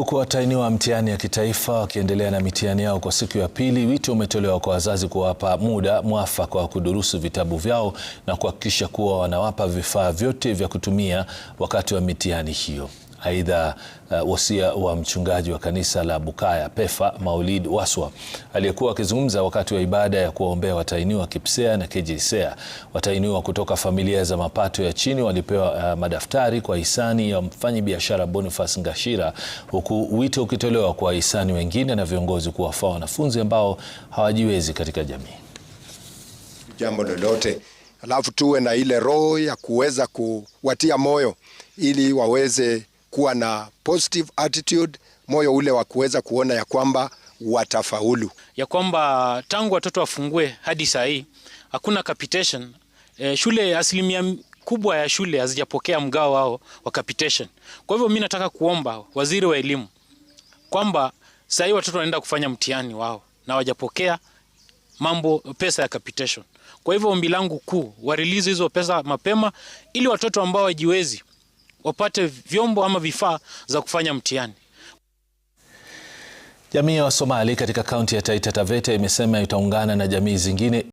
Huku watahiniwa mtihani ya kitaifa wakiendelea na mitihani yao kwa siku ya pili, wito umetolewa kwa wazazi kuwapa muda mwafaka wa kudurusu vitabu vyao na kuhakikisha kuwa wanawapa vifaa vyote vya kutumia wakati wa mitihani hiyo. Aidha, uh, wasia wa mchungaji wa kanisa la Bukaya PEFA Maulid Waswa aliyekuwa akizungumza wakati wa ibada ya kuwaombea watainiwa KIPSEA na KJSEA. Watainiwa kutoka familia za mapato ya chini walipewa uh, madaftari kwa hisani ya mfanyabiashara Boniface Ngashira, huku wito ukitolewa kwa hisani wengine na viongozi kuwafaa wanafunzi ambao hawajiwezi katika jamii. Jambo lolote alafu tuwe na ile roho ya kuweza kuwatia moyo ili waweze kuwa na positive attitude, moyo ule wa kuweza kuona ya kwamba watafaulu, ya kwamba tangu watoto wafungue hadi saa hii hakuna capitation. E, shule asilimia kubwa ya shule hazijapokea mgao wao wa capitation. Kwa hivyo mimi nataka kuomba waziri wa elimu kwamba saa hii watoto wanaenda kufanya mtihani wao na wajapokea mambo pesa ya capitation. Kwa hivyo ombi langu kuu warilizi hizo pesa mapema, ili watoto ambao wajiwezi wapate vyombo ama vifaa za kufanya mtihani. Jamii ya Wasomali katika kaunti ya Taita Taveta imesema itaungana na jamii zingine